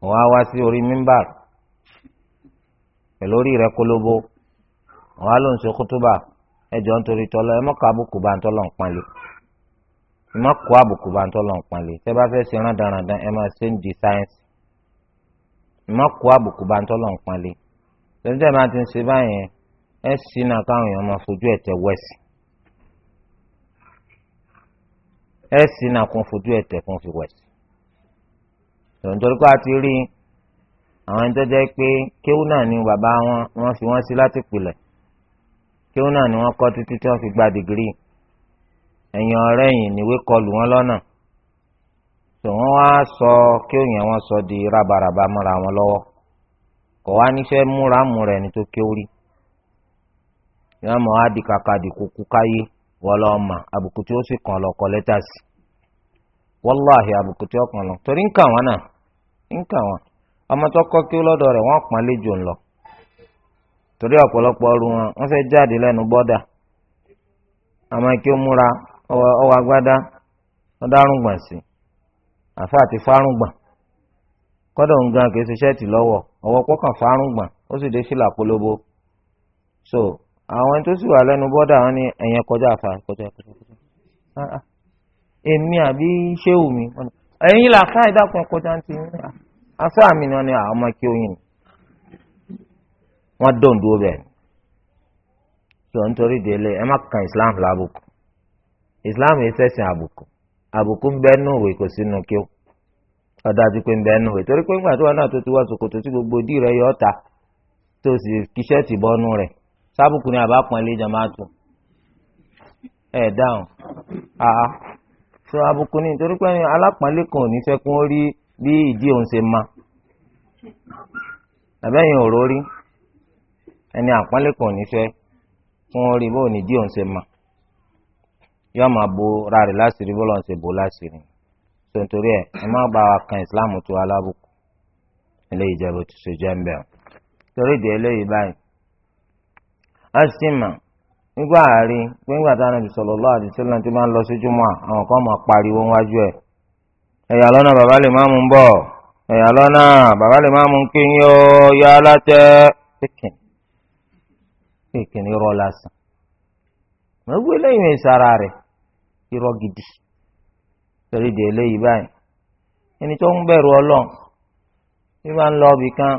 àwọn awá sí orí mímbà pẹ̀lú orí rẹ̀ kólóbó wọn á ló ń ṣe kútúbà ẹjọ nítorí tọlọ ẹ mọkà àbùkù bá ń tọlọ ń pọnlé ẹ mọkà àbùkù bá ń tọlọ ń pọnlé tẹ bá fẹ́ ṣe rándanrandan ẹ máa ṣe ń di sáyẹ́nsì ẹ mọkà àbùkù bá ń tọlọ ń pọnlé tẹ́tẹ́ bá ti ń ṣe báyẹn ẹ sì náà káwọn èèyàn máa fojú ẹ̀ tẹ wẹ́sì ẹ sì náà kún fojú ẹ̀ tẹ kún fi wẹ́sì tòǹtòrí kó àwọn ẹni tó jẹ́ pé kéwú náà ni bàbá wọn wọ́n fi wọ́n sí láti pilẹ̀ kí wọn náà ni wọn kọ títí tí wọn fi gba dìgírì ẹ̀yìn ọrẹ yìí níwé kọlù wọn lọ́nà tó wọn wá sọ kí òyìn wọn sọ di rabaraba mọ́ra wọn lọwọ kọ wá níṣẹ́ múramù rẹ ní tó kí ó rí yọọ mọ wá di kàkà di kúkú káyé wọn lọ mà àbùkù tí ó sì kàn lọ kọ lẹ́tà sí wọláhì àbùkù tí ó kàn lọ torí ń kà wọn náà ń kà wọn ọmọ tó kọ́ kí ó lọdọ rẹ wọn pọ́n lé jò ńlọ. torí ọ̀pọ̀lọpọ̀ ọrù wọn wọ́n fẹ́ jáde lẹ́nu bọ́dà àmọ́ kí ó múra ọwọ́ agbádá wọ́n dárúngbọ̀n sí àfa àti fárúngbọ̀n kọ́dọ̀ nǹkan kì í ṣe ṣẹ́ẹ̀tì lọ́wọ́ ọwọ́ pọ́kàn fárúngbọ̀n ó sì dé sílà polówó so àwọn tó sì wà lẹ́nu bọ́dà wọn ni ẹ̀yẹn kọjá àfa kọjá kọjá kọjá ah, ah. èmi àbí ṣéwù mi ẹ̀yin làákà ìdàkùn kọjá ti ah, àfa mi ni wọn ni àwọn ọmọ kí oyin ni wọ́n dùn dúró bẹ́ẹ̀ tó nítorí délé ẹ má kan islam lábùkù islam yìí sẹ́sìn àbùkù àbùkù ń bẹ́ẹ̀ nù ìwé kò sínú kí ó ọ̀dájú pé ń bẹ́ẹ̀ nù ìwé torí pé ńgbà tó wà náà tó ti wá ṣòkòtò tí gbogbo dì rẹ̀ yọ ọ́ta tó sì kíṣẹ́ tì bọ́nú rẹ̀ sábùkù ni àbá pọn ilé jọmọ́ àtò ẹ̀ dáhùn àá sọ àbùkù ni torí pé alápọ̀nlé kan ò ní fẹ́ kún ó rí bí ìdí òun ṣe ma àbẹ́yìn òró rí ẹni àpọ́nlé kan ò ní fẹ́ fún orí bó ní díò ń ṣe mà yóò máa bo ra rẹ̀ láṣìírí bó lọ́n ṣe bò láṣìírí tó nítorí ẹ̀ ẹ má bá wa kan ìsìláàmù tó alábùkù eléyìí jẹ́ bó ti ṣe jẹ́ ń bẹ̀ ọ́ torí ìdí eléyìí báyìí a sì mà nígbà àárín pé nígbà táwọn ẹbí sọ̀rọ̀ lọ́wọ́ àti sílẹ̀ tó máa ń lọ sójú mọ́ àwọn kan máa pariwo wájú ẹ̀ ẹ̀yà lọ́nà bàbá lè má mú bọ̀ ẹ̀yà lọ́nà bàbá lè má mú kí yín ó yá látẹ́ kíkìn kéèké ní irọ́ lásán gbogbo eléyìí ẹ̀ sára rẹ̀ irọ́ gidi torí di eléyìí báyìí ẹni tó ń bẹ̀rù ọlọ́run bí wọ́n lọ ibì kan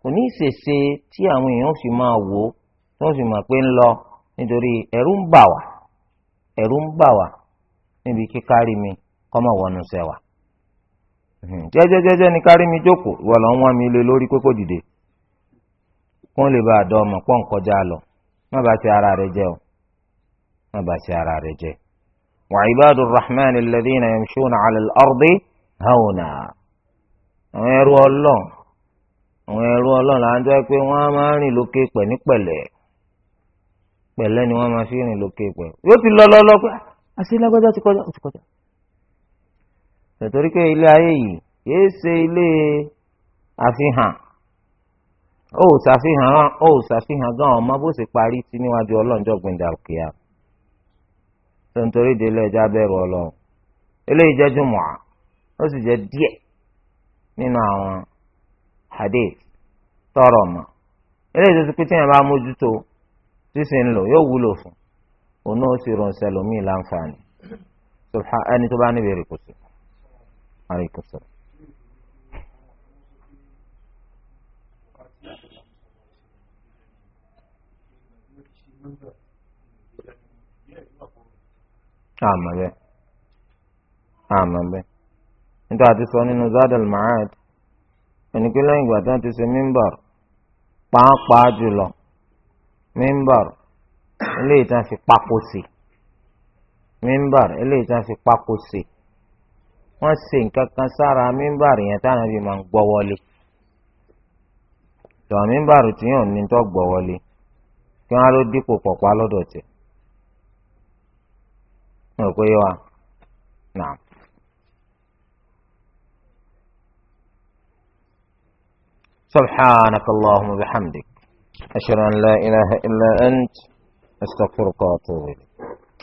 kò ní ìṣèṣe tí àwọn èèyàn sì máa wò ó tó sì mọ̀ pé ń lọ nítorí ẹ̀rù ń bà wá ẹ̀rù ń bà wá níbi kíkárí mi kọ́mọ̀ wọnú sẹ́wà jẹ́jẹ́jẹ́jẹ́ ni kárí mi jókòó ìwọ ló ń wá mi lé lórí pé dìde kó lè bá àdó ọmọ pọ́n kọjá lọ má bàa ṣe ara rẹ jẹ o má bàa ṣe ara rẹ jẹ. wa ibadur rahman alladhina yamshuna ala al-ardi hauna àwọn ẹrú ọlọ́ọ̀ àwọn ẹrú ọlọ́ọ̀ là ń jẹ́ pé wọ́n á máa rìn lókè pẹ̀ ní pẹ̀lẹ́ pẹ̀lẹ́ ni wọ́n máa fi rìn lókè pẹ̀ yóò ti lọ lọ́lọ́ pé ah, àṣẹ lágbájá ti kọjá ti kọjá. tẹ̀tọ́rí pé ilé ayé yìí yéé ṣe ilé àfihàn ó ṣàfihàn ó ṣàfihàn gan ọmọ bó ṣe parí sí níwájú ọlọ́njọ́ gbẹ̀ndà òkèèyà tó ń torí délé ẹja bẹ̀rù ọlọ́run eléyìí jẹ́ jùmọ̀ ó sì jẹ́ díẹ̀ nínú àwọn hadith tọrọ mọ́ eléyìí tó ti pété yẹn bá mójútó sísè ń lò yóò wúlò fún òun ó sì rún láǹfààní ẹni tó bá níbi àmọ́ bẹ́ẹ̀ àmọ́ bẹ́ẹ̀ nítorí àti sọ nínú zadal ma'ad ẹnikẹ́ lẹ́yìn ìgbà tí wọ́n ti ṣe mímbàr pàápàá jùlọ mímbàr eléyìí tí wọ́n fi pákó sí mímbàr eléyìí tí wọ́n fi pákó sí wọ́n ṣe nǹkan kan sára mímbàr yẹn táwọn ẹbí máa ń gbọ́ wọlé tọ́ mímbàr tí yóò ní tó gbọ́ wọlé. kí wọ́n ló dípò pọ̀pá lọ́dọ̀ tẹ̀. mo rò pé yẹ wa nà. سبحانك اللهم وبحمدك أشهد أن لا إله إلا أنت أستغفرك وأتوب إليك